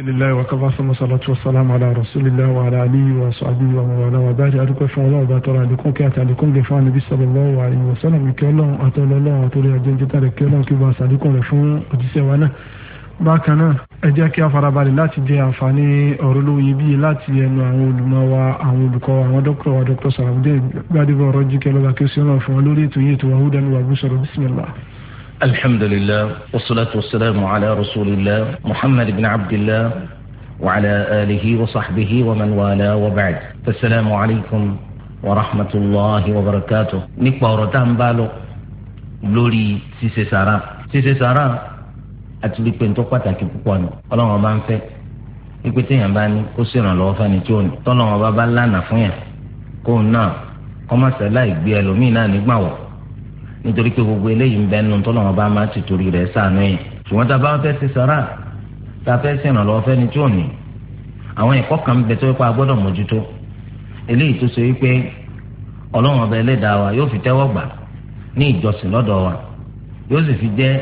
alhamdulilayi wa kaba sama salatu wa salam ala rasulillah wa ala alihi wa sahbihi wa mawala wa baari adukọ fún Ọlọ́run bá tọrọ àlékún kí àti àlékún gẹ fún anabi sallallahu alayhi wa sallam kí Ọlọ́run àtọlọlọrun àtọlẹ àjẹjẹta rẹ kí Ọlọ́run kí bá sàlékún rẹ fún òjíṣẹ́ wa náà bákan náà ẹ jẹ́ kí a farabalẹ̀ láti jẹ àǹfààní ọ̀rọ̀ lóye bíi láti ẹnu àwọn olùmọ̀ wa àwọn olùkọ́ àwọn dókítà wa dókítà sàràbùdé الحمد لله والصلاة والسلام على رسول الله محمد بن عبد الله وعلى آله وصحبه ومن والاه وبعد السلام عليكم ورحمة الله وبركاته نكبا ورتان بالو lórí ṣíṣe sàrà ṣíṣe sàrà àti pípé tó pàtàkì púpọ̀ ni ọlọ́run ọba ń fẹ́ pípé téèyàn bá ní kó ṣèrànlọ́wọ́ fẹ́ni tí ò ní tọ́lọ́run ọba bá lánàá fún yàn kóun náà kọ́mọ̀sẹ̀ láì gbé ẹlòmíì náà nígbà wọ̀ nítorí pé gbogbo eléyìí ń bẹ nínú tó lọ́wọ́ bá máa ti torí rẹ̀ sànú yìí ṣùgbọ́n tá a bá fẹ́ ṣe sàrà tá a fẹ́ ṣe ìrànlọ́wọ́ fẹ́ni tí ò ní àwọn ẹ̀kọ́ kan bẹ tó pa gbọ́dọ̀ mójútó eléyìí tó ṣe wípé ọlọ́run ọba ẹlẹ́dàá wa yóò fi tẹ́wọ́ gbà ní ìjọsìn lọ́dọ̀ wa yóò sì fi jẹ́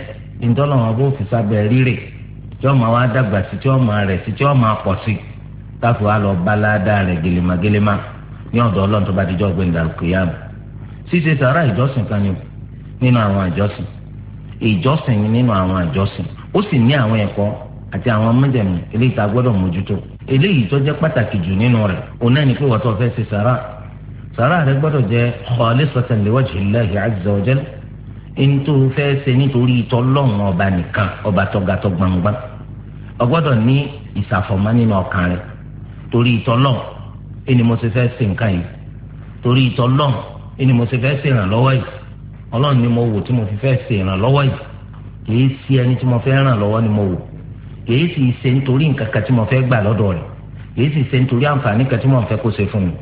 ìtọ́lọ́run ọba òfin sábẹ́ rírè tí ọmọ wa dàgbà sí tí ọmọ rẹ̀ sí tí ọmọ pọ̀ sí káfí wa lọ balada rẹ̀ gèlèmagèlèma ní ọ̀dọ̀ ọlọ́run tó bá dijọ́ gbẹ̀ndàlùkìyàmù ṣíṣe sàrà ìjọsìn kan ni o nínú àwọn àjọsìn ìjọsìn nínú àwọn àjọsìn ó sì ní àwọn ẹ̀kọ́ àti àwọn mẹ́jẹ̀mú eléyìí tá a gbọ́dọ̀ mójútó eléyìí tó jẹ́ pàtàkì jù nínú rẹ̀ òun náà ni pé wọ́n tó fẹ́ ṣe sàrà sàrà rẹ̀ gbọ́dọ̀ jẹ́ khalisatan liwajhillahi azza wa jalla ntó fẹ́ ṣe nítorí tọ́lọ́run ọba nìkan ọba gbangba ní ìsàfọ̀mọ́ nínú ọkàn torí ẹni mo ti fẹ́ ṣe nǹkan yìí torí ọlọ́run ni mo wò tí mo fi fẹ́ ṣe ìrànlọ́wọ́ yìí kìí sí ẹni tí mo fẹ́ ràn ni mo wò kìí sì ṣe nítorí nǹkan kan tí mo fẹ́ gbà lọ́dọ̀ rẹ̀ kìí sì ṣe nítorí àǹfààní kan tí mo fẹ́ kó ṣe fún mi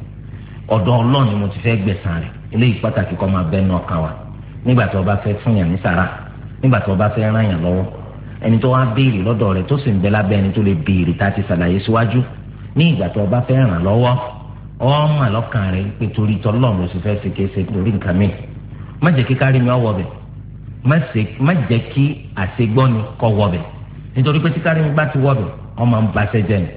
ọ̀dọ̀ ọlọ́run ni mo ti fẹ́ gbẹ̀san rẹ̀ eléyìí pàtàkì kọ́ máa bẹ́ẹ̀ náà kàn wá nígbà tí wọ́n bá fẹ́ fún yàn ní sàrà nígbà tí wọ́n bá fẹ́ ràn yàn lọ́wọ́ ẹni tó wá béèrè lọ́dọ̀ rẹ̀ tó sì má jẹ́ kí kárí mi ọwọ́ bẹ̀ má jẹ́ kí àṣegbọ́ni kọ́ wọ́ bẹ̀ nítorí pé tí kárí mi bá ti wọ́ bẹ̀ ọ máa ń baṣẹ́ jẹ́ ni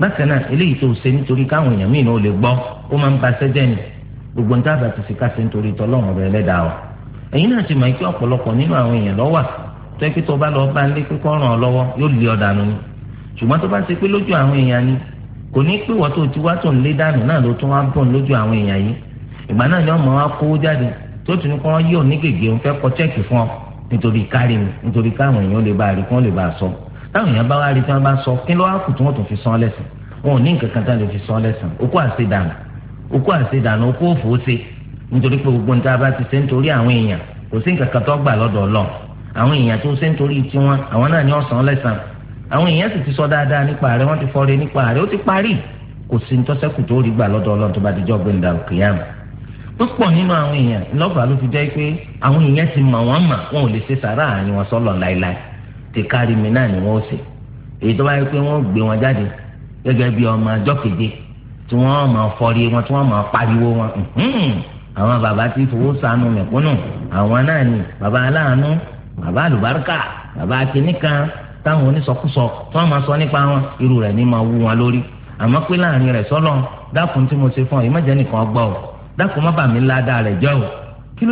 bákan náà eléyìí tó ṣe nítorí káwọn èèyàn míì náà lè gbọ́ ó máa ń baṣẹ́ jẹ́ ni gbogbo níta bá ti fi ká ṣe nítorí tọ́lọ́run rẹ lẹ́dàá wa ẹ̀yin náà ti mọ̀ pé ọ̀pọ̀lọpọ̀ nínú àwọn èèyàn lọ́wà tó yẹ kí tó bá lọ bá ń lé pé kọ́ ràn lọ́wọ́ yóò lé ọ dànù ni ṣùgbọ́n tó bá ṣe pé lójú àwọn èèyàn ni kò ní pé wọ́n tó ti wá tó ń lé dànù náà ló tún wá bọ̀ lójú àwọn èèyàn yìí ìgbà náà ni ọmọ wa kó jáde tó tún ní kí wọ́n yí òní gègé òun fẹ́ kọ chẹ́ẹ̀kì fún ọ nítorí kárí mi nítorí káwọn èèyàn lè bá rí kí wọ́n lè bá sọ táwọn èèyàn bá wá rí tí wọ́n bá sọ kí ló wá kù tí wọ́n tún fi san lẹ́sìn wọn ò ní nǹkan kan tán lè fi san lẹ́sìn okó àṣedànù okó àṣedànù okó òfò ṣe nítorí pé gbogbo nǹkan bá ti ṣe nítorí àwọn èèyàn kò sí nǹkan kan tó gbà lọ́dọ̀ Ọlọ́run àwọn èèyàn tó ṣe nítorí tiwọn àwọn náà ni wọ́n san lẹ́sìn àwọn èèyàn sì ti sọ dáadáa nípa rẹ̀ wọ́n ti fọre nípa rẹ̀ ó ti parí kò sí ní tọ́sẹ́kù tó rí gbà lọ́dọ̀ Ọlọ́run tó bá ti jọ́ gbẹ̀ǹdà òkè yàrá púpọ̀ nínú àwọn èèyàn lọ́fà ló fi jẹ́ pé àwọn èèyàn ti mọ̀ wọ́n mà wọn ò lè ṣe sàrà àárín wọn sọ́lọ̀ láéláé ti kárí mi náà ni wọ́n ṣe èyí tó bá yẹ pé wọ́n gbé wọn jáde gẹ́gẹ́ bí ọmọ ọjọ́ keje tí wọ́n máa fọrí wọn tí wọ́n máa pariwo wọn àwọn bàbá tí fowó sànù mẹ̀kúnnù àwọn náà ni bàbá aláàánú bàbá àlùbáríkà bàbá akínníkan táwọn onísọkúsọ tí wọ́n máa sọ nípa wọn irú rẹ̀ ní máa wú wọn lórí àmọ́ pé láàrin rẹ̀ sọ́lọ́ dákun tí mo ṣe fún ọ ìmọ̀jẹ́ nìkan gbọ́ ọ dákun má bàmí ládàá rẹ̀ jẹ́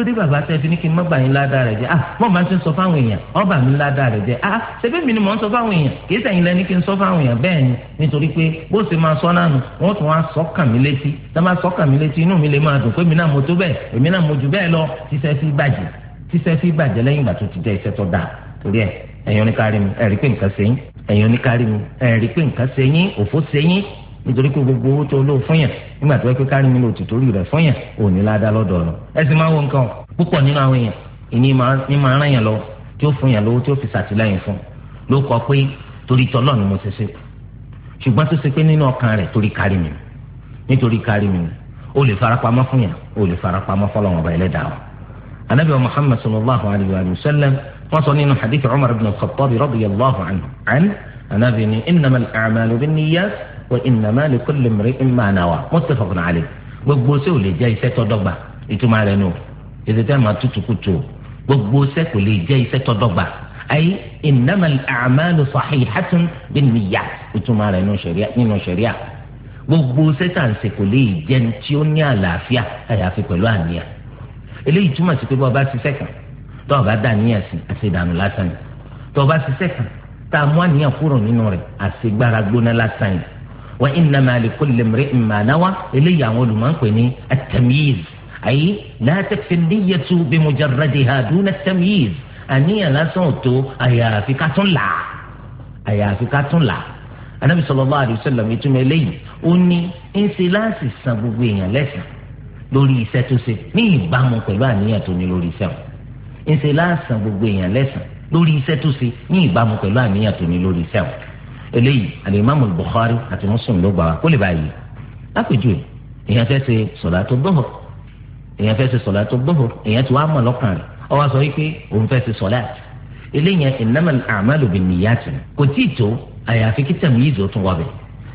o kí bàbá tẹ́ fi ní kí n má bàmí ládàá rẹ̀ jẹ́ ah mo máa ń ti sọ fáwọn èèyàn ọ bàmí ládàá rẹ̀ jẹ́ ah ṣebí mi ni mò ń sọ fáwọn èèyàn kì í sẹ́yìn lẹ́ni kí n sọ fáwọn èèyàn bẹ́ẹ̀ ni nítorí pé bó ṣe máa sọ náà nù wọ́n tún wá sọ kàn mí létí tá má sọ kàn mí létí inú mi lè máa dùn pé mi náà mo tó bẹ́ẹ̀ èmi náà mo jù bẹ́ẹ̀ lọ tíṣẹ́ fi bàjẹ́ lẹ́yìn ìgbà tó ti jẹ́ iṣẹ́ tó dáa torí ẹ̀ ẹ̀yin oníkárí mi ẹ̀rí pé nǹkan ṣe yín ẹ̀yin oníkárí mi ẹ̀rí pé nǹkan ṣe yín òfó ṣe yín nítorí pé gbogbo owó tó lóò fún yàn nígbà tó yẹ pé kárí mi lò ti torí rẹ̀ fún yàn òní ládá lọ́dọ̀ lọ. ẹ sì máa wọ nǹkan púpọ̀ nínú àwọn èèyàn ìní máa rán yàn lọ tí ó fún yàn lówó tí ó fi ṣàtìlẹ́yìn fún ló kọ pé torí tọ́lọ́ ni mo ṣe ṣe ṣùgbọ́n tó ṣe pé nínú ọkàn rẹ̀ torí kárí mi nítorí kárí mi o lè farapamọ́ fún yàn o lè farapamọ́ fọlọ́wọn ọba ẹlẹ́dàá o. anabi muhammad sallallahu alayhi wa sallam wọ́n sọ nínú hadith umar ibn al-khattab radiyallahu anhu anabi ni innamal a'malu bin niyyat wa innama li kulli imri'in ma nawa muttafaqun alayh gbogbo ṣẹ́ ò lè jẹ́ iṣẹ́ tó dọ́gba ìtumọ̀ rẹ̀ nù ètò tẹ́ máa tutù kutu gbogbo ṣẹ́ kò lè jẹ́ iṣẹ́ tó dọ́gba ayi innama al-a'malu sahihatun bin-niyyah ìtumọ̀ rẹ̀ nínú ṣẹ̀ríà gbogbo sẹ́tàǹsì kò lè jẹ́ ní tí ó ní àlàáfíà àyàfi pẹ̀lú àníyàn eléyìí túmọ̀ sí pé bá ọba ṣiṣẹ́ kan tó ọba dá níyàn sí àṣedànù lásán yìí tó ọba ṣiṣẹ́ kan tá a mú àníyàn kúrò nínú rẹ̀ àṣegbára gbóná lásán yìí wa innama likulli imri'in ma nawa eléyìí àwọn olùmọ̀ọ́pẹ ní at-tamyiz ayé la takfi an-niyyatu bi mujarradiha duna at-tamyiz àníyàn lásán ò tó àyàfi ká tún là àyàfi ká tún là anabi sallallahu alaihi wasallam ìtumọ̀ eléyìí ó ní ń san gbogbo èèyàn lẹ́sìn lórí iṣẹ́ tó ṣe ní ìbámu pẹ̀lú àníyàn tó ní lórí iṣẹ́ wọn ń san gbogbo èèyàn lẹ́sìn lórí iṣẹ́ tó ṣe ní ìbámu pẹ̀lú àníyàn tó ní lórí iṣẹ́ wọn eléyìí alimami Bukhari àti Muslim ló gbà wá kó lè bá yìí lápèjúwe èèyàn fẹ́ ṣe sọ̀lá tó gbọ́hùr èèyàn fẹ́ ṣe sọ̀lá tó gbọ́hùr èèyàn ti wá mọ̀ lọ́kàn rẹ̀ ó wá sọ wípé òun fẹ́ ṣe sọ̀lá eléyìí innamal a'malu binniyati kò tí ì tó àyàfi kí tẹ̀míyìzì ó tún wọ̀ bẹ̀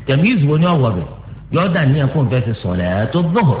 tẹ̀míyìzì wo ni ó wọ̀ bẹ̀ yọ̀ọ́ dà níyàn kó òun fẹ́ ṣe sọ̀lá tó gbọ́hùr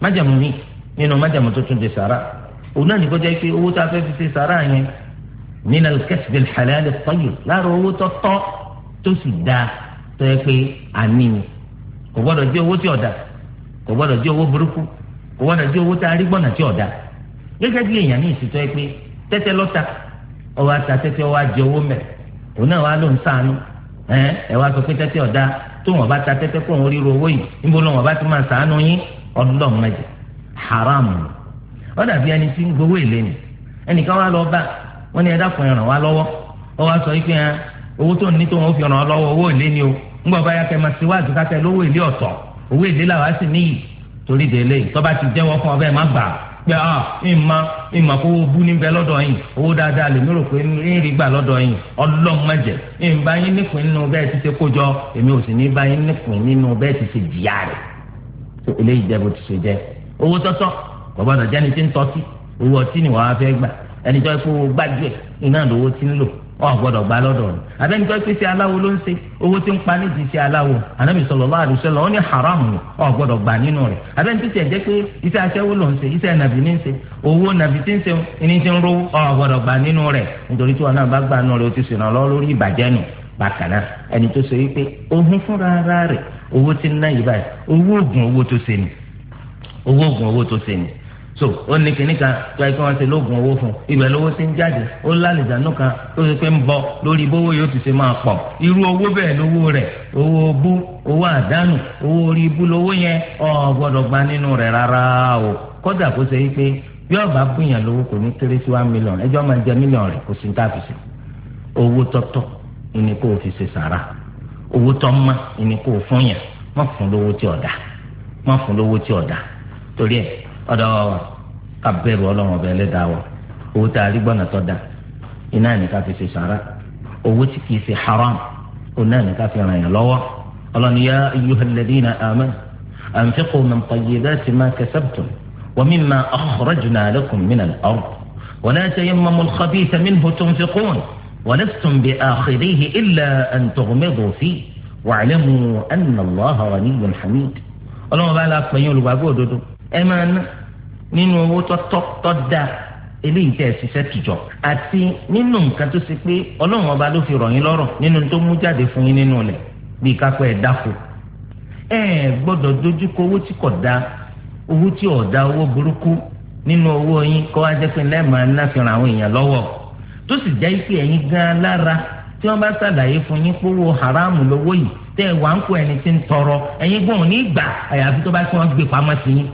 májàmú mi nínú májàmú tuntun de sara òun náà ní jẹ́ pé owó a fẹ́ fi se sara yẹn nínú al-kasb al-halal at-tayyib láàrọ̀ owó tọ́tọ́ tó sì dáa tó yẹ pé àní ni kò gbọ́dọ̀ jẹ́ owó tí ọ̀dà kò gbọ́dọ̀ jẹ́ owó burúkú kò gbọ́dọ̀ jẹ́ owó tá a tí ọ̀dà gẹ́gẹ́ bí èèyàn ní ìsìtọ́ yẹ pé tẹ́tẹ́ lọ́ta ọwọ́ ata tẹ́tẹ́ ọwọ́ owó mẹ́ òun náà wàá ta tẹ́tẹ́ kó òun ríro owó yìí níbo wọn bá ọlọ́run mẹ́jẹ haram ni wọ́n dàbí ẹni tí ń gbowó èlé ni ẹnìkan wá lọ bá wọ́n ní ẹ̀dá fún ẹ̀ràn lọ́wọ́ wọ́n wá sọ yìí owó tó ní tó wọ́n fi ràn án lọ́wọ́ owó èlé ni o ńgbọ́ ya yàtọ̀ máa ṣe wáàdù lówó èlé ọ̀tọ̀ owó èlé làwọn á sì níyì torí délé tọ́ba ti jẹ́wọ́ fún ọbẹ̀ má gbà gbà lọ́dọ̀ yìí ọlọ́mọdé nínú bẹ́ẹ̀ ti ṣe kójọ èmi ò tó eléyìí jẹ́ bó ti ṣe jẹ owó tọ́tọ́ bàbá náà jẹ́ni tí ń tọ́tí owó ọtí ni wàá fẹ́ gbà ẹni tó kó gbájú ti ń lò gbá tó pèsè aláwo ló ń ṣe owó tí ń pa ní aláwo ni ọ̀ gbà nínú rẹ̀ abẹ́ni tó tiẹ̀ jẹ́ pé iṣẹ́ aṣẹ́wó ló ń ṣe iṣẹ́ nàbì ní ń ṣe owó nàbì tí ń ṣe ní ti ń gbà nínú nítorí tí wọn owó tí ń ná yìí báyìí owó oògùn owó tó ṣe ni owó oògùn owó tó ṣe ni so ó ní kinní kan tó yẹ kí wọ́n ṣe lóògùn owó fún ibẹ̀ lówó ti ń jáde ó lálejànú kan tó ṣe pé ń bọ lórí bówó yóò ti ṣe máa pọ̀ irú owó bẹ́ẹ̀ lówó rẹ̀ owó bú owó àdánù owó orí ibú lówó yẹn ò gbọ́dọ̀ gba nínú rẹ̀ rárá o kódà kó ṣe wípé bí ọba gbìyàn lówó kò ní kéré sí one million ẹjọ́ máa jẹ mílíọ̀n rẹ̀ kò sí ní tàbí owó tọ́tọ́ ìní kó fi ṣe sàrà owó tó ń mọ ìní kò fún yàn má fún lówó tí ọ̀dà má fún lówó tí ọ̀dà torí ẹ̀ ọ̀dọ̀ wa ká bẹ̀rù ọlọ́run ọbẹ̀ ẹlẹ́dàá wa owó tá a rí gbọ́nà tó da iná ní ká fi ṣe sàrà owó tí kìí ṣe haram iná ní ká fi ràn yàn lọ́wọ́ ọlọ́ni yá ayyuhal ladina amanu anfiqu min tayyibati ma kasabtum wa mimma akhrajna lakum min al-ard wa la tayammamu al-khabitha minhu tunfiqun ولستم بآخذيه إلا أن تغمضوا فيه واعلموا أن الله غني حميد ọlọ́run bá la pẹ̀yìn olùgbàgbọ́ òdodo ẹ máa ná nínú owó tọ́tọ́ da eléyìí tẹ̀ ṣiṣẹ́ tìjọ àti nínú nǹkan tó ṣe pé ọlọ́run ọba ló fi rọ̀ yín lọ́rọ̀ nínú tó mú jáde fún yín nínú rẹ̀ bíi kápẹ́ ẹ̀ dáko ẹ gbọ́dọ̀ dojú kọ owó tí kò da owó tí ò da owó burúkú nínú owó yín kọ́ wá jẹ́ pé lẹ́ẹ̀ máa ná fi ràn àwọn èèyàn lọ́wọ́ tó sì jẹ́ pé ẹ̀yin gan lára tí wọ́n bá ṣàlàyé fún yín kówó haramu lówó yìí tẹ́ ẹ̀ wá ń kó ẹni tí ń tọrọ ẹ̀yin gbọ́n ní ìgbà àyàfi tó bá tí wọ́n gbé pamọ́ sí yín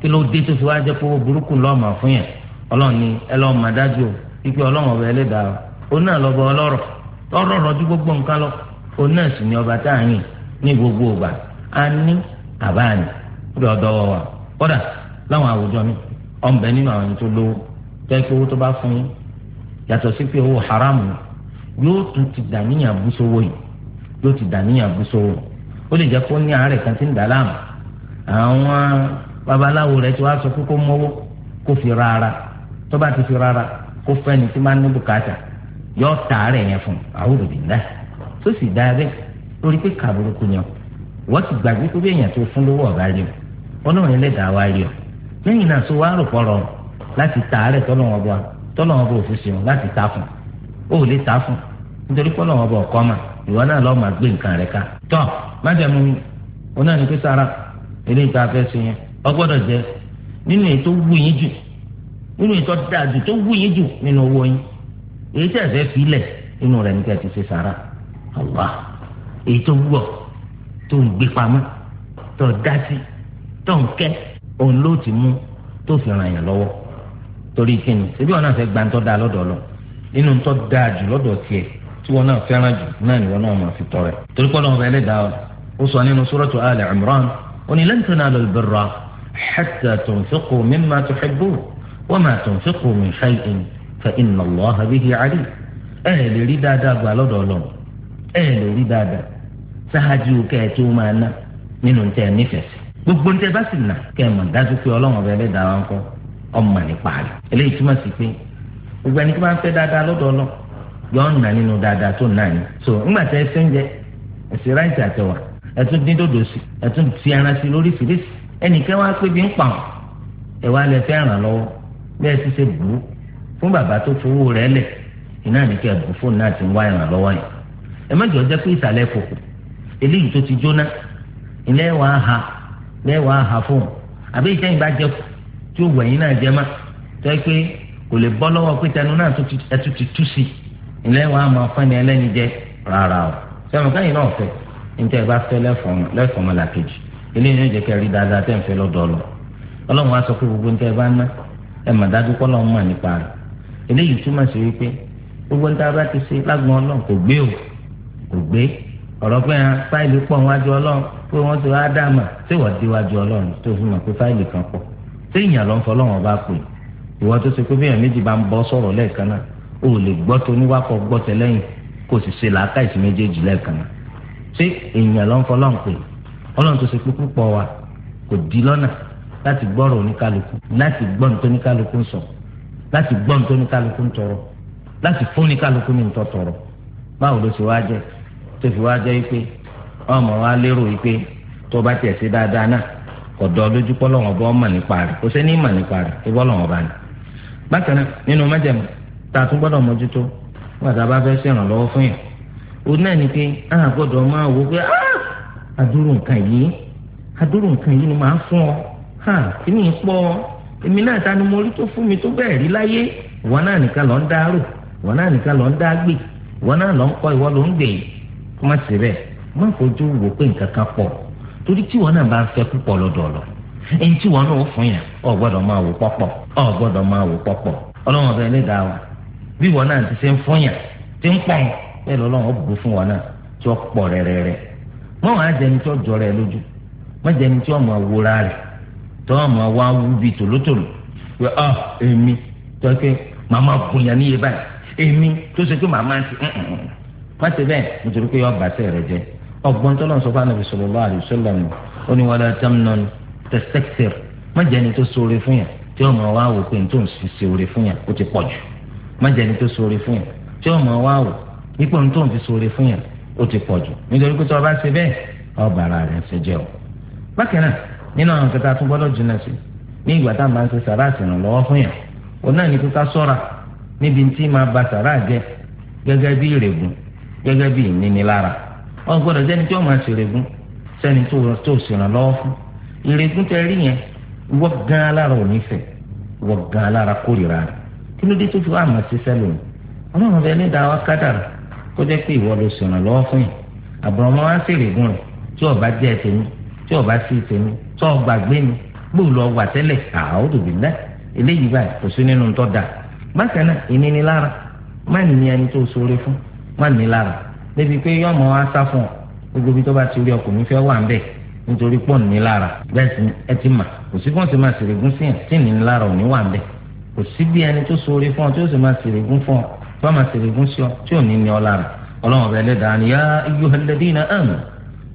kí ló dé tó fi wá jẹ́ kówó burúkú lọ́ọ̀mà fún yẹn ọlọ́run ni ẹ lọ́ọ́ mà dájú o wípé ọlọ́run ọ̀bẹ ẹlẹ́dàá o náà lọ́bọ ọlọ́rọ̀ ọ̀rọ̀ rọ̀jú gbogbo nǹkan lọ ni ọba tá à ń yìn ní yàtọ̀ sí pé owó haram yóò ti dàníyàn bú yìí yóò ti dàníyàn bú ó lè jẹ́ kó ní àárẹ̀ kan tí ń dà àwọn babaláwo rẹ̀ sọ mọ́wó kó fi rárá tó bá ti fi rárá kó fẹ́ni tí máa ń ní bùkátà yóò ta àárẹ̀ yẹn fún àwòrán ìdá tó sì dá abẹ́ lórí pé kàbúrúkú yẹn wọ́n ti gbàgbé pé èèyàn tó fún lówó ọ̀gá rí o ọlọ́run ẹlẹ́dàá wá rí o lẹ́yìn tọ́lọ̀ wọn bò fún ṣeun láti ta fún o lè ta fún nítorí pọ́lọ̀ bò kọ́ mà ìwọ náà lọ́ọ́ máa gbé nǹkan rẹ̀ ká. tọ́ májàmú mi ó náà ní pé sára eléyìí tá yẹn gbọ́dọ̀ jẹ nínú èyí tó yín jù nínú èyí tó dáa jù tó yín jù nínú owó yín èyí nínú rẹ̀ nígbà tí ṣe èyí tó tó ń gbé pamọ́ tó dá sí ti mú tó fi ràn yàn torí kíni ṣebí wọn náà fẹ́ gba ntọ́ da lọ́dọ̀ lọ nínú ntọ́ da jù lọ́dọ̀ tiẹ̀ tí wọn náà fẹ́ràn jù náà ni wọn náà máa fi tọrẹ. torí pọ́n náà fẹ́lẹ́ dáa ó sọ nínú suratu Ali Imran ó ní lan tanalul birra hatta tunfiqu mimma tuhibbun wa ma tunfiqu min shay'in fa inna Allaha bihi tó máa ná nínú ntẹ́ nífẹ̀ẹ́ sí gbogbo ọmọ nípa rẹ̀ eléyìí túmọ̀ sí pé gbogbo ẹni tó bá ń fẹ́ dáadáa lọ́dọ̀ ọlọ́ yọ̀ọ́ nà nínú dáadáa tó nà ní. so ńgbà tẹ ẹsẹ̀ ń jẹ ẹsẹ̀ ráìtì àtẹwà ẹtún dín dòdò sí ẹtún ti ara sí lóríṣiríṣi ẹnìkan wá pé bí ń pàwọn ẹwà lẹ fẹ́ ràn lọ́wọ́ bẹ́ẹ̀ sì ṣe bù ú fún bàbá tó fowó rẹ̀ lẹ̀ iná nìkẹ́ bù fóònù náà ti ń wá ìrànlọ́wọ́ yẹn ẹ mẹ́jọ jẹ́ pé ìsàlẹ̀ kòkò eléyìí tó ti jóná ilé wa ha ilé wa ha fóònù àbí ìtẹ́yìn bá jẹ́ tí ó wẹ̀yìn náà jẹ́ má tó yẹ pé kò lè bọ́ lọ́wọ́ pé tẹnu náà ẹtú ti tú sí ilé wa máa fẹ́ni ẹlẹ́ni jẹ rárá o sẹ́wọ̀n káyìn náà fẹ́ níta ẹ bá fẹ́ lẹ́fọ̀ọ́mọ làkejì eléyìí yóò jẹ́ kẹ́ rí dáadáa tẹ́ ń fẹ́ lọ́dọ̀ lọ ọlọ́run wa sọ pé gbogbo níta ẹ bá ná ẹ mà dájú kọ́ lọ́run mà nípa rẹ̀ eléyìí túmọ̀ sí wípé gbogbo níta bá ti ṣe lágbọn ọlọ́run kò séèyàn ló ń fọ lọ́wọ́n bá pè ìwọ tó ṣe pé bí èèyàn méjì bá ń bọ́ sọ̀rọ̀ lẹ́ẹ̀kan náà o lè gbọ́ tó níwákọ̀ gbọ́ tẹ́lẹ́yìn kò sì ṣe làákàyèsí méjèèjì lẹ́ẹ̀kan náà ṣé èèyàn ló ń fọ lọ́wọ́n pè ọlọ́run tó ṣe pé púpọ̀ wa kò di lọ́nà láti gbọ́rọ̀ oníkálukú láti gbọ́ ní tóníkálukú ń sọ láti gbọ́ tóníkálukú ń tọrọ láti fún oníkálukú ní ntọ́ kọ̀dọ̀ lójú pọ́lọ́wọ́n bọ́ mọ̀ nípa rẹ̀ kò sẹ́ni mọ̀ nípa rẹ̀ tó bọ́lọ́wọ́n bá ní. bákan náà nínú májẹ̀mú tá a tún gbọ́dọ̀ mójútó wà a bá fẹ́ ṣèrànlọ́wọ́ fún yàn. òun náà ni pé a gbọ́dọ̀ máa wò pé nǹkan yìí nǹkan yìí ni ọ kíní èmi náà ta ni mo fún mi tó bẹ́ẹ̀ rí láyé náà nìkan lọ ń dá rò náà nìkan lọ ń dá gbè náà lọ ń torí tí wọn náà bá ń fẹ́ púpọ̀ lọ́dọ̀ lọ èyí tí wọn náà fún yàn ọ gbọ́dọ̀ máa wò pọ̀pọ̀ ọ gbọ́dọ̀ máa wò pọ̀pọ̀ ọbẹ wa bí wọn náà ti ṣe ń fún yàn ti ń pọn bẹ́ẹ̀ lọ́lọ́run ó bù fún wọn náà tí ó pọ̀ rẹrẹrẹ mọ wọn á jẹni tí jọ rẹ lójú mọ jẹni tí máa rẹ tí wọn máa wá ọ ah, èmi tó màmá ọgbọ́n tọ́lọ́ sọ fún anabi sallallahu alaihi wasallam ó ní wala tamnun tastakthir má jẹ́ni tó sóore fún yàn tí ó máa wá wò pé nítorí òun sì sóore fún yàn ó ti pọ̀ jù má jẹ́ni tó sóore fún yàn tí ó máa wá wò nípò nítorí òun fi sóore fún yàn ó ti pọ̀ jù nítorí pé tí wọ́n bá ṣe bẹ́ẹ̀ ọba ara rẹ̀ ń ṣe jẹ́ o. bákan náà nínú àwọn kẹta tó gbọ́dọ̀ jìnnà sí ní ìgbà tá à ń ṣe sàrà àṣìrànlọ́wọ́ fún yàn òun náà ní kíkà sọ́ra níbi tí máa ba sàrà jẹ gẹ́gẹ́ bí ìrègùn gẹ́gẹ́ bí ìnínilára wọn gbọ́dọ̀ jẹ́ni tí wọ́n máa ṣèrègùn sẹ́ni tó ṣèrànlọ́wọ́ fún ìrègùn tẹ rí yẹn wọ́n gan alára òní fẹ̀ wọ́n gan alára kórìíra rẹ̀ kí ló dé tó fi wá àmọ́ sí sẹ́lò ọlọ́run bẹ ní dáwọ́ kádàrà kó jẹ́ pé ìwọ ló ṣèrànlọ́wọ́ fún yìí àbùrọ̀mọ́ wá ṣèrègùn rẹ̀ tí ó bá jẹ́ tèmi tí ó bá sí tèmi tí ó gbàgbé mi gbòòlù ọwà tẹ́lẹ̀ àáwòdù bí lẹ́ eléyìí báyìí kò sí nínú tọ́ da bákan náà ìnínilára má ní ẹni tó ṣoore débi pé yọmọ wa sá fún ọ gbogbo ibi tó bá ti rí ọkùnrin fẹ́ wà ń bẹ̀ nítorí pọ̀ ní lára bẹ́ẹ̀ sì ẹ ti mà kò sí fún ọ sì máa ṣèrègùn sí yàn tí ní lára ò ní wà ń kò sí bí ẹni tó sóore fún ọ tí ó sì máa ṣèrègùn fún ọ tó máa ṣèrègùn sí ọ tí ò ní ní ọ lára ọlọ́run ọ̀bẹ ẹlẹ́dàá ni yá ayyuhalladhina amanu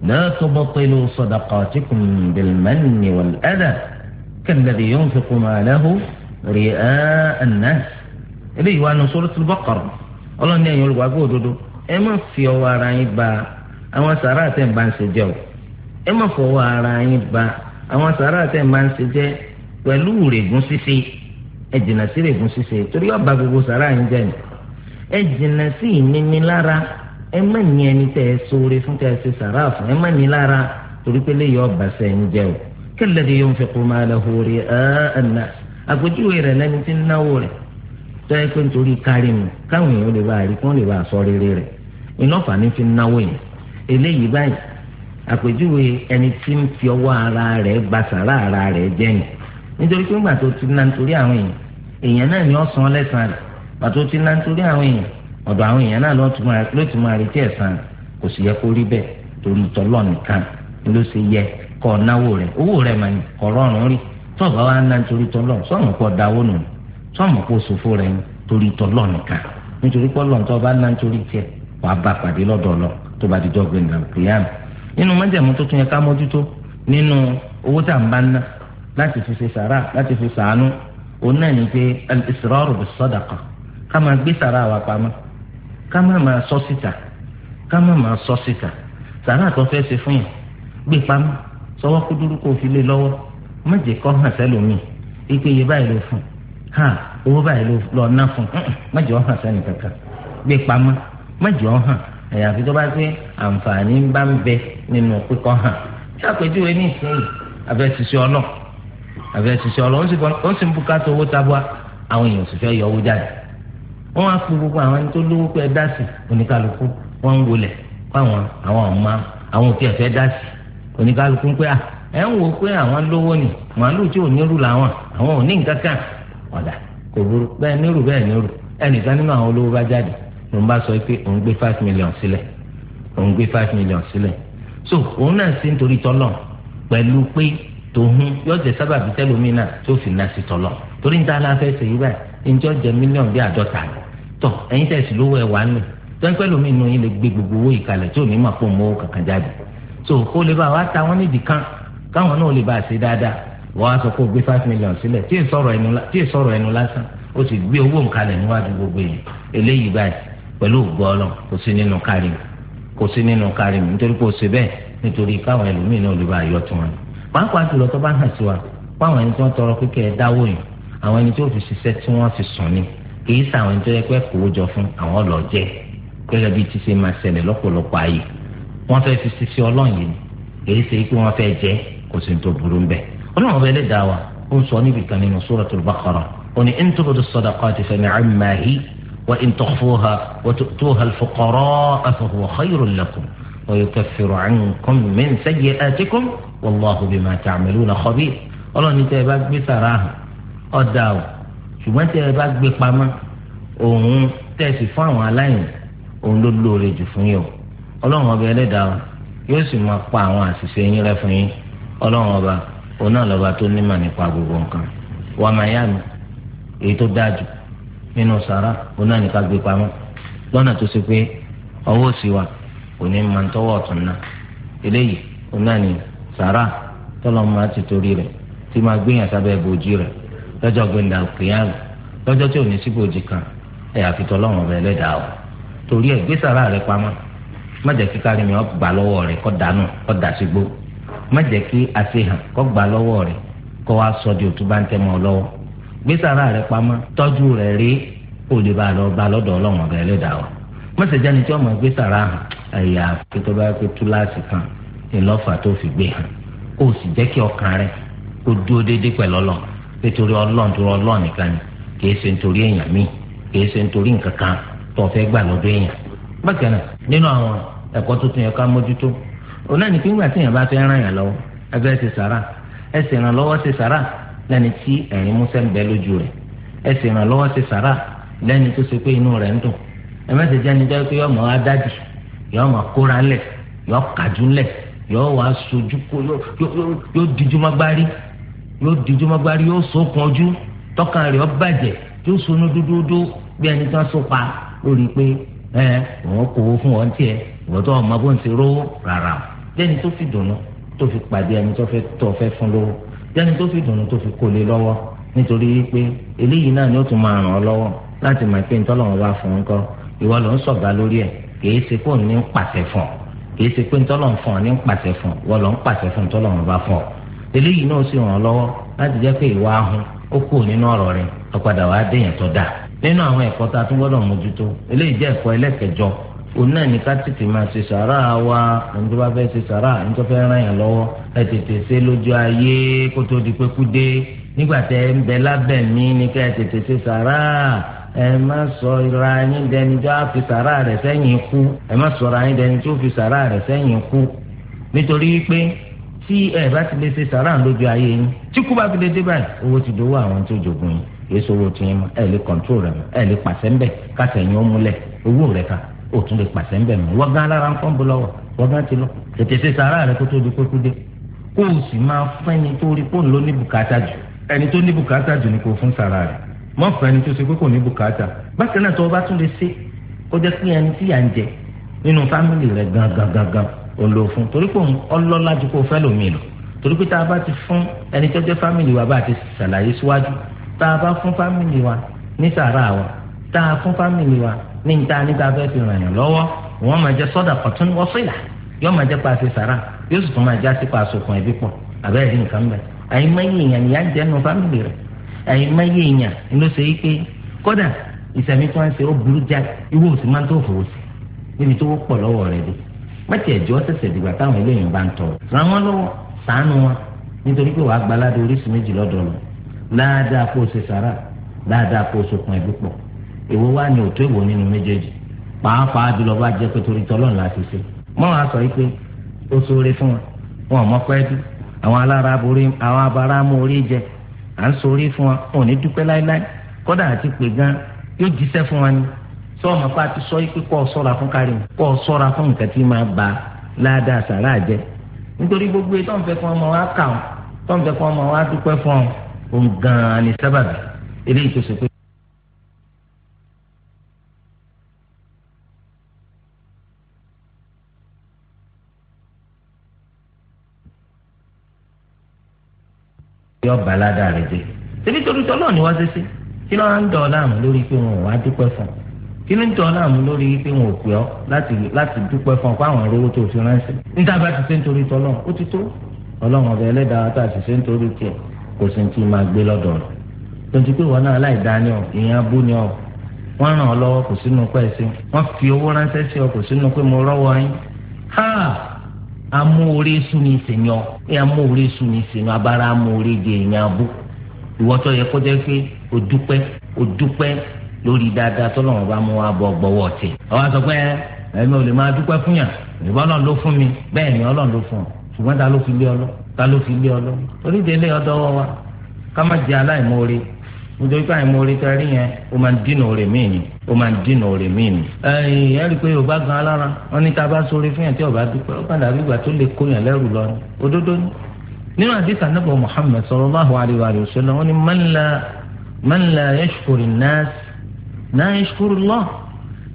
la tubtilu sadaqatikum bilmanni wal adha kalladhi yunfiqu malahu ri'a an-nas eléyìí ẹ má fi ọwọ́ ara yín ba àwọn sàrà tẹ̀ ń bá ń ṣe jẹ́ o ẹ má fọwọ́ ara yín ba àwọn sàrà tẹ̀ ń bá ń ṣe jẹ́ pẹ̀lú règùn ṣíṣe ẹ jìnnà sí règùn ṣíṣe torí ọba gbogbo sàrà yín jẹ́ ni ẹ jìnnà sí ìnini lára ẹ má ní ẹni tẹ́ ẹ sóore fún tẹ́ ẹ ṣe sàrà fún ẹ má ní lára torí pé léyìí ọba sẹ́yìn jẹ́ o kẹ́lẹ́dẹ̀ yóò fi kó máa lọ́hùn rí ẹ̀ẹ́nà àpèjúwe rẹ̀ lẹ́ni tí náwó rẹ̀ tọ́ ẹ pé nítorí kárí mu káwọn èèyàn lè bá rí kí wọ́n lè bá sọ rere rẹ̀ iná fani fi náwó yẹn eléyìí báyìí àpèjúwe ẹni tí ń fi ọwọ́ ara rẹ̀ gba sàrà ara rẹ̀ jẹ́yìn nítorí pé ńgbà ti ná nítorí àwọn èèyàn èèyàn náà ni ó san lẹ́sàn rẹ̀ pàtó ti ná nítorí àwọn èèyàn ọ̀dọ̀ àwọn èèyàn náà ló ti máa retí ẹ̀san kò sì yẹ kó rí bẹ́ẹ̀ torí tọ́lọ́ nìkan ló ṣe yẹ kọ́ náwó rẹ̀ owó rẹ̀ mà ní kọ̀rọ̀rùn rí tọ́ọ̀bá wa ná nítorí tọ́lọ́ sọ́ọ̀mù dáwó nù sọ́ọ̀mù kó rẹ̀ torí tọ́lọ́ nìkan nítorí pọ́lọ́ nítorí bá ná nítorí tiẹ̀ wàá bá pàdé lọ́dọ̀ lọ tó bá dijọ́ gbẹ̀ngà kìyàmù nínú májàmú tó tún yẹ ká mójútó nínú owó tá à ń bá ná láti fi ṣe sàrà láti fi sàánú òun náà ní pé al-israru bis-sadaqa ká máa gbé sàrà wa pamọ́ ká má máa sọ síta ká má máa sọ síta sàrà tó fẹ́ ṣe fún yẹn gbé pamọ́ sọwọ́ kó dúró kó fi lé lọ́wọ́ má jẹ́ hàn sẹ́lòmíì ipe yìí báyìí ló fún ha owó báyìí ló lọ ná fún má jẹ́ ó hàn gbé pamọ́ mẹ́jọ hàn àyàfi tó bá pé àǹfààní ń bá ń bẹ nínú pípọ́ hàn bí àpèjúwe ní ìsinyìí abẹ́sísẹ́ ọlọ́ abẹ́sísẹ́ ọlọ́ ó sì ń bùkátà owó tabua àwọn èèyàn sì fẹ́ yọ owó jáde wọ́n á pe gbogbo àwọn tó lówó pé dá sí oníkálukú wọ́n ń wọlé fáwọn àwọn ọ̀ma àwọn òfin ẹ̀fẹ́ dá sí oníkálukú pé à ẹ̀ ń wò pé àwọn lówó ni màálù tí ò nírú làwọn àwọn ò ní nǹkan kan ọ̀dà kò burú bẹ́ẹ̀ nírú bẹ́ẹ̀ nírú ẹnìkan nínú àwọn olówó bá jáde ló ń bá sọ pé òun gbé five million sílẹ̀ òun gbé five million sílẹ̀ so òun náà sì ń torí tọ́lọ̀ pẹ̀lú pé tòun yóò jẹ sábàbí tẹ́lómìnà tó fi ná sí tọ́lọ̀ torí ń ta aláfẹ́ sèyí báyìí ǹjọ́ jẹ mílíọ̀n bí àádọ́ta tọ̀ ẹ̀yin tẹ̀sí lówó ẹ̀ wá nù tọ́ńpẹ́ lómi inú yín lè gbé gbogbo owó ìkalẹ̀ tí ò ní máa pò mọ́ kankan jáde so kó lè bá wa ta wọ́n nídìí kan káwọn náà lè bá a ṣe dáadáa wọ́n á sọ pé o gbé five million sílẹ̀ tí ì sọ̀rọ̀ ẹnu lásán o sì gbé owó nkalẹ̀ níwájú gbogbo yẹn eléyìí báyìí pẹ̀lú gbọ́ọ̀lọ̀ kò sí nínú kárìm kò sí nínú kárìm nítorí kò sí bẹ́ẹ̀ nítorí káwọn ẹlòmíín náà lè bá yọ tí wọn. pàápàá jùlọ tó bá hàn sí wa fáwọn ẹni tí wọ́n tọrọ pípẹ́ ẹ dáwó yìí àwọn ẹni tí ó fi ṣiṣẹ́ tí wọ́n fi sùn ni kì í sàwọn ẹni tó yẹ pé kówó jọ fún àwọn ọlọ́jẹ́ gẹ́gẹ́ bí ti ṣe máa ṣẹlẹ̀ lọ́pọ̀lọpọ̀ ayé wọ́n fẹ́ fi ṣiṣẹ́ ọlọ́run kì وإن تخفوها وتؤتوها الفقراء فهو خير لكم ويكفر عنكم من سيئاتكم والله بما تعملون خبير ọlọ́run ní tẹ́ ẹ bá gbé sàrà hàn ọ̀dà o ṣùgbọ́n tẹ́ ẹ bá gbé pamọ́ òun tẹ́ ẹ sì fún àwọn aláìní òun ló lóore jù fún yín o ọlọ́run ọba ẹlẹ́dàá o yóò sì máa pa àwọn àṣìṣe yín rẹ́ fún yín ọlọ́run ọba òun náà lọ́ba tó nímọ̀ nípa gbogbo nǹkan wàá máa yá mi èyí tó dáa jù nínú Sara òun náà ní ká gbé pamọ́ lọ́nà tó ṣe pé ọwọ́ òsì wa kò ní máa ń tọ́wọ́ Sara náà eléyìí òun máa ti torí rẹ̀ tí máa gbéyàn sábẹ́ bòjì rẹ̀ lọ́jọ́ gbẹ̀ndà kìíyàwó lọ́jọ́ tí ò ní sí kan ẹ̀ o torí ẹ̀ gbé sàrà rẹ̀ pamọ́ má jẹ́ kí kárí ọ gbà lọ́wọ́ rẹ̀ kọ́ dànù kọ́ dàsígbó má kí kọ gbà sọ di òtún bá ń gbé sàrà rẹ pamọ́ tọ́jú rẹ̀ rí kó lè bá lọ bá lọ́dọ̀ ọlọ́run ọ̀gá ẹlẹ́dàá wa mọ́sẹ̀já ni tí wọ́n máa gbé sàrà hàn ẹ̀yà àfikẹ́tọ́ bá pé túláàsì kan ìlọ́fà tó fi gbé hàn kó o sì jẹ́ kí ọkàn rẹ kó dúró déédéé pẹ̀lú ọlọ́run nítorí ọlọ́run tó rọ ọlọ́run nìkan ni kìí ṣe nítorí èèyàn míì kìí ṣe nítorí nǹkan kan tó fẹ́ gbà lọ́dọ̀ èèyàn. bákan náà nínú àwọn ẹ̀kọ́ tó tún yẹ ká mójútó òun náà ní pé ńgbà tí èèyàn bá fẹ́ ràn yàn lọ́wọ́ lẹ́ni tí ẹ̀rín músẹ́ ń bẹ lójú rẹ̀ ẹ sì ràn lọ́wọ́ sí sàrà lẹ́ni tó ṣe pé inú rẹ̀ ń dùn ẹ mẹ́sẹ̀ jẹ́ni jẹ́ pé yọmọ adájú yọmọ kóra ńlẹ̀ yọ kàjú ńlẹ̀ yọ wà sojú kó yóò díjú mọ́gbárí yóò díjú mọ́gbárí yóò sókun ojú tọkàn rẹ̀ ọ bàjẹ́ yóò sonú dúdúdú bí ẹni tó so pa lórí pé ẹ òun kò wó fún ọ ní tiẹ̀ tó ọmọ bó ń ti rówó rárá jẹ́ni tó fi dùnú tó fi pàdé ẹni tó fẹ́ tó fẹ́ fún lówó jẹ́ni tó fi dùnú tó fi kò lè lọ́wọ́ nítorí wípé eléyìí náà ni ó tún máa ràn ọ́ lọ́wọ́ láti mọ̀ pé ntọ́lọ́wọ́ bá fún un kọ́ ìwọ ló ń sọ̀gá lórí ẹ̀ kìí ṣe pé òun ní ń pàṣẹ fún ọ kìí ṣe pé ntọ́lọ́wọ́ fún ọ ní ń pàṣẹ fún ìwọ ló ń pàṣẹ fún ntọ́lọ́wọ́ bá fún ọ eléyìí náà sì ràn ọ́ lọ́wọ́ láti jẹ́ pé ìwà ahun ó kù nínú ọ̀rọ̀ rẹ̀ ọ̀padà wàá dẹ̀yìn tó dáa nínú àwọn ẹ̀kọ́ tá a gbọ́dọ̀ mójútó eléyìí jẹ́ ẹ̀kọ́ ẹlẹ́kẹjọ òun náà ní ká tètè máa ṣe sàrà wa ẹni tó bá fẹ́ ṣe sàrà ẹni tó fẹ́ ràn yàn lọ́wọ́ di pé kú dé nígbà tẹ ẹ ń bẹ mi ní ká ẹ tètè ẹ má sọ ra yín dẹni tó á fi sàrà sẹ́yìn kú ẹ má sọ ra yín dẹni tó fi sàrà sẹ́yìn kú nítorí pé tí ẹ bá ti lè ṣe sàrà lójú ayé yín tí ti dowó àwọn tó jogún yín èso owó ti yín ẹ lè o tún lè pàṣẹ ń bẹ̀ mọ́ wọ́n gán alára ń kọ́ ń bọ̀ lọ́wọ́ wọ́n gán ti lọ tètè ṣe sàárà rẹ kó tó di kókó dé kó o sì máa fẹ́ni tó rí kó ń ní bùkátà jù ẹni tó ní bùkátà jù ni kò fún sàárà rẹ mọ́ fún ẹni tó ṣe pé kò ní bùkátà bákan náà tó o bá tún lè ṣe kó jẹ́ pé ẹni tí yà ń jẹ nínú fámìlì rẹ gan gan gan gan ò lò fún torí pé ọlọ́lá ju kó fẹ́ lómi lọ torí pé tá a bá ti fún ẹni tó jẹ́ fámìlì wa bá a ti ní níta níta fẹ́ fi ràn yàn lọ́wọ́ wọ́n máa jẹ́ sọ́dà pọ̀tún wọ́sílà yóò máa jẹ́ paṣẹ sàrà yóò sì tún máa já sí paṣọ kan ẹbí pọ̀ àbẹ́rẹ́ rí nǹkan bẹ́ẹ̀ àyìnmáyé èèyàn ni yá ń jẹ́nu fámìlì rẹ̀ àyìnmáyé èèyàn ló ṣe é pé kódà ìsàmì tó ń ṣe ó burú já ìwọ òsì máa ń tó fòwò sí níbi tó pọ̀ lọ́wọ́ rẹ̀ dé mẹ́tì ẹ̀jọ́ ṣẹ̀ṣẹ̀ dìgbà táwọn eléyìí bá ń tọ̀ ràn wọ́n èwo wá ní òtó èwo nínú méjèèjì pàápàá jùlọ bá jẹ́ pé torí tọ́lọ́run láti ṣe mọ́ wọn sọ pé ó sóore fún wọn wọn ò mọ́pẹ́ dú àwọn alára borí àwọn abara mú orí jẹ à ń sóore fún wọn wọn ò ní dúpẹ́ láéláé kódà àti pè gan yóò jíṣẹ́ fún wọn ni sọ ọmọ pa ti sọ pé kọ́ ọ sọ́ra fún kárí kọ́ ọ sọ́ra fún nǹkan tí máa ba ládàá sàrà jẹ nítorí gbogbo etí wọn fẹ́ kí wọn máa wá kà wọn tí wọn fẹ́ kí dúpẹ́ fún wọn òun ni sábàbí eléyìí tó ṣe pé yọ balada rẹ jẹ ṣebí torí tọ́lọ́ ni wá ṣẹṣẹ kí ló ń dọ̀ láàmú lórí pé wọn ò wá dúpẹ́ fún ọ kí ló ń dọ̀ láàmú lórí pé wọn ò pè ọ láti láti dúpẹ́ fún ọ pé àwọn owó tó fi ránṣẹ́ níta bá ti ṣe ń torí tọ́lọ́ ó ti tó ọlọ́run ọbẹ̀ ẹlẹ́dàá tá a ti ṣe ń torí tiẹ̀ kò sì ti máa gbé lọ́dọ̀ rẹ̀ tontu pé wọn náà aláìdá ni ọ ìyẹn abú ni ọ wọn ràn ọ lọ́wọ́ kò sínú pẹ́ẹ́sì wọn fi owó ránṣẹ́ sí ọ kò sínú pé mo rọ́wọ́ yín háà amóore sunni sènyọ ẹ amóore sunni sènyọ abara amóore di èèyàn abú ìwọ́tọ̀ yẹ kọjá pé o dúpẹ́ o dúpẹ́ lórí dáadáa tọ́lọ́wọ́n bá mú wa bọ̀ gbọ́wọ́ tẹ̀. àwọn àti ọ̀pẹ́ ẹ̀mí ò lè máa dúpẹ́ fún yàn ìbọn náà ló fún mi bẹ́ẹ̀ ni ọlọ́run ló fún ọ ṣùgbọ́n ta ló fi lé ọlọ́ ta ló fi lé ọlọ́ onídélé ọdọwọ́ wa ká má jẹ aláìmoore nítorí pé àìmoore tẹ́rí yẹn ó máa ń ni ó máa dínà òrè mí ni. ẹyìn ẹ rí i pé yorùbá gan alára wọn ní tá a bá sóore fún yàn tí ọba dúpẹ́ ó padà rí ìgbà tó lè kó yàn lẹ́rù lọ ni òdodo ni. nínú àdìsá nàbọ Muhammad sallallahu alaihi wa sallam wọn ni man la yashkuru an-nas la yashkuru Allah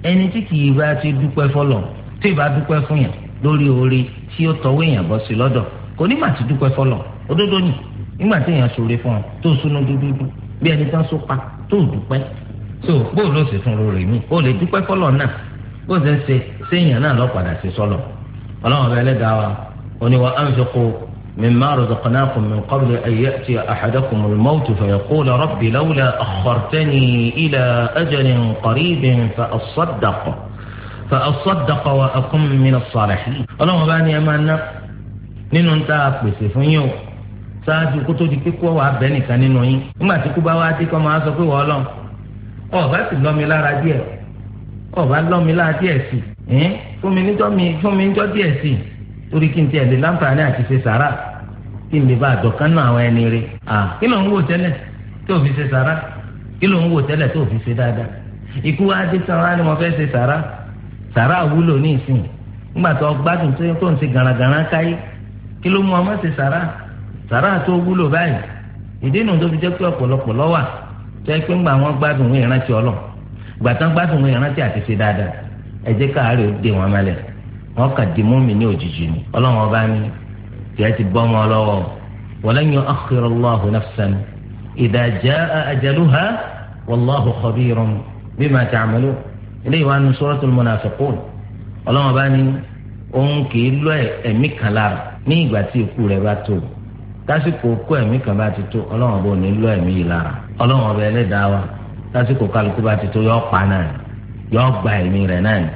ẹni tí kì í bá ti dúpẹ́ fọlọ tí ì bá dúpẹ́ fún yàn lórí oore tí ó tọwọ́ èèyàn bọ́ sí lọ́dọ̀ kò ní mà ti fọlọ òdodo ni nígbà so bóò ló ṣe fún rere mi ó lè dúpẹ́ fọlọ́ náà bó ṣe ń ṣe séèyàn náà lọ́padà sí sọ́lọ̀ ọlọ́run ọba ẹlẹ́dàá wa oní wa anfiqu mimma razaqnakum min qabli an ya'tiya ahadakumul mawtu fayaqula rabbi lawla akhartani ila ajalin qaribin fa asaddaq fa asaddaq wa akun minas salihin ọlọ́run ọba ni ẹ ọba sì lọ́mi lára díẹ̀ ọba lọ́mi lára díẹ̀ sí fún mi níjọ́ mi fún mi níjọ́ díẹ̀ sí torí kí n tiẹ̀ lè láǹfààní àti ṣe sàrà kí n lè bá àdọ̀kán náà àwọn ẹni rè kí ló ń wò tẹ́lẹ̀ tó fi ṣe sàrà kí ló ń wò tẹ́lẹ̀ tó fi ṣe dáadáa ikú wa dé sàn wá ni mo fẹ́ ṣe sàrà sàrà wúlò ní ìsìn nígbà tó gbádùn tó ń ṣe gàràgàrà káyé kí ló mú ọmọ ṣe sàrà sàrà tó wúlò báyìí ìdí jẹ́ pé ńgbà wọn gbádùn wọn ìrántí ọlọ ìgbà tán gbádùn wọn ìrántí àti ṣe dáadáa ẹ jẹ́ káàárẹ̀ ó dé wọn mẹ́lẹ̀ wọn kà di mọ́mì ní òjijì ni ọlọ́run ọba ní tiẹ̀ ti bọ́ wọn lọ́wọ́ walan yu'akhkhira Allahu nafsan idha jaa ajaluha wallahu khabirun bima ta'malun eléyìí wàá ti tó ọlọ́run ọba ò ní lọ ọlọ́run ọba ẹlẹ́dàá wa lásìkò kálukú bá ti tó yọ pa náà yọ gba ẹ̀mí rẹ̀ náà ni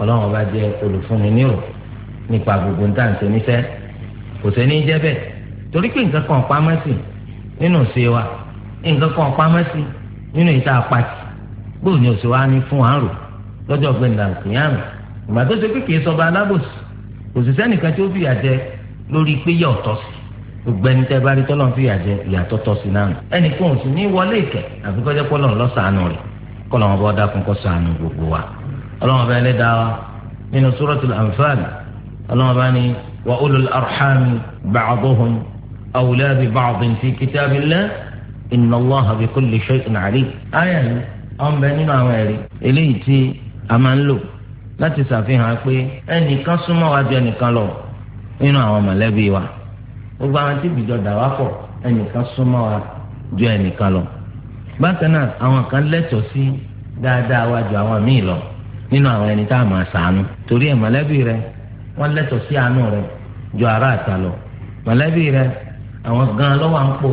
ọlọ́run ọba jẹ́ olùfúnni ní o nípa gbogbo ń tàǹtẹ̀ níṣẹ́ kò sẹ́ni jẹ́ bẹ́ẹ̀ torí pé nǹkan kan ọ̀pá sí nínú ṣe wa nǹkan kan nínú ìta apáti ni òṣèwà ní fún àrò lọ́jọ́ gbogbo ẹni tẹ́ bá rí tọ́lọ́n fìyà jẹ ìyàtọ̀ tọ́ sí náà ẹnì kò sì ní wọlé ìkẹ́ àfi kọ́jọ́ pọ́lọ́n lọ́sàánù rẹ̀ kọ́lọ́n ọba dákun kó ṣàánú gbogbo wa ọlọ́run ọba ẹlẹ́dàá wa nínú suratul anfal ọlọ́run ọba ni wa ulul arhami ba'duhum awla bi ba'din fi kitabillah inna allaha bi kulli shay'in alim ayé yìí ọ̀n bẹ gbogbo àwọn tí ìbìjọ dà wá pọ̀ ẹnìkan súnmọ́ wa ju ẹnìkan lọ bákan náà àwọn kan lẹ́tọ̀ọ́ sí dáadáa wá ju àwọn míì lọ nínú àwọn ẹni tá a máa torí ẹ̀ mọ̀lẹ́bí rẹ wọ́n lẹ́tọ̀ọ́ sí àánú rẹ ju ará àta lọ mọ̀lẹ́bí rẹ àwọn gan lọ́wọ́ à ń pò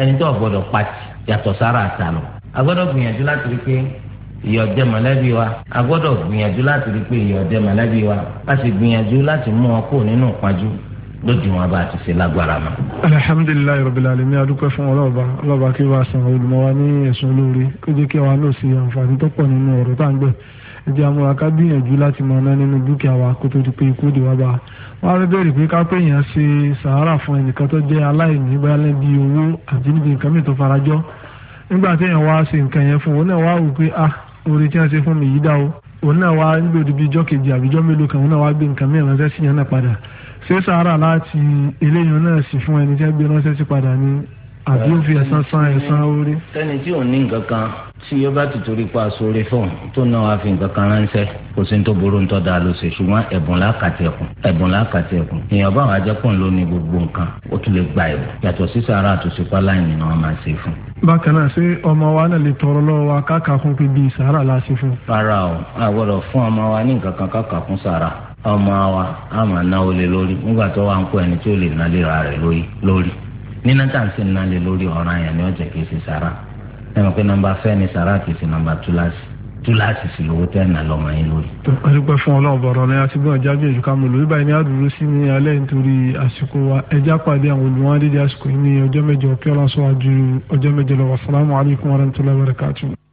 ẹni tó gbọ́dọ̀ pati yàtọ̀ sára àta lọ a láti rí pé mọ̀lẹ́bí wa a gbọ́dọ̀ gbìyànjú láti lójú wọn bá ti ṣe lágbára mọ. alihamdulilayi rabil alimi adúpẹ́ fún ọlọ́ọ̀bá ọlọ́ọ̀bá kí wàá san olùmọ̀wá ní ẹ̀sùn olóore kó jẹ́ kí àwa náà ṣe àǹfààní tó pọ̀ nínú ọ̀rọ̀ tá à ń gbẹ̀ ẹ̀jẹ̀ àmúra ká gbìyànjú láti máa ná nínú dúkìá wa kó tó di pé ikú di wá bá a. wọ́n á bẹ̀rẹ̀ pé ká pé èèyàn ṣe sàárà fún ẹnìkan tó jẹ́ aláìní báyálẹ̀ bí owó àti níbi nǹkan mìíràn tó farajọ́ nígbà téèyàn wá ṣe nǹkan yẹn fún òun náà wá wò pé ah oore tí wọ́n ṣe fún mi yìí dá o òun náà wá níbi òdìbí ijọ́ kejì àbíjọ́ mélòó kan òun náà wá gbé nǹkan mìíràn ránṣẹ́ sí yẹn náà padà ṣé sàárà láti eléyàn náà sì fún ẹni jẹ́ gbé ránṣẹ́ sí padà ní àbí ó fi ẹ̀san san ẹ̀san orí. tẹ́ni tí ò ní nǹkan kan tí yóò bá ti torí pa sórí fún tó náà wàá fi nǹkan kan ránṣẹ́ kò sí ní tó burú ń tọ́da ló ṣe ṣùgbọ́n ẹ̀bùn lákàtì ẹ̀kùn ẹ̀bùn lákàtì ẹ̀kùn èèyàn bá wàá jẹ́pọ̀ ló ní gbogbo nǹkan ó tún lè gba ẹ̀bùn yàtọ̀ sí sàárà àtúnṣe pálánì ni wọ́n máa ṣe fún. bákan náà ṣé ọmọ wa náà lè tọrọ lọ́wọ́ wa káàkà pé bíi sàárà la ṣe fún. rárá o àwọ̀rọ̀ fún ọmọ wa ní nǹkan kan káàkà sàárà ọmọ wa a máa náwó lé lórí nígbà tó wà ń kó ẹni tí ó lè ná lé ra rẹ̀ lórí nínú táǹsì ná lé lórí ọ̀ràn yẹn ni ó jẹ́ kí ṣe sàrà ẹ mọ̀ pé nọ́mbà fẹ́ ni sàrà kì í ṣe nọ́mbà túláàsì túláàsì sí lówó tẹ́ ẹ̀nà lọ́mọ yín lórí. adúpẹ́ fún ọlọ́run bọ̀rọ̀ ni àti gbọ́n jábí èjì kámú lórí báyìí ní àdúró sí ní alẹ́ nítorí àsìkò wa ẹja pàdé àwọn olùwọ́n àsìkò yìí ní ọjọ́ mẹ́jọ kí ọlọ́sọ àjù salamu alaykum wa rahmatulahi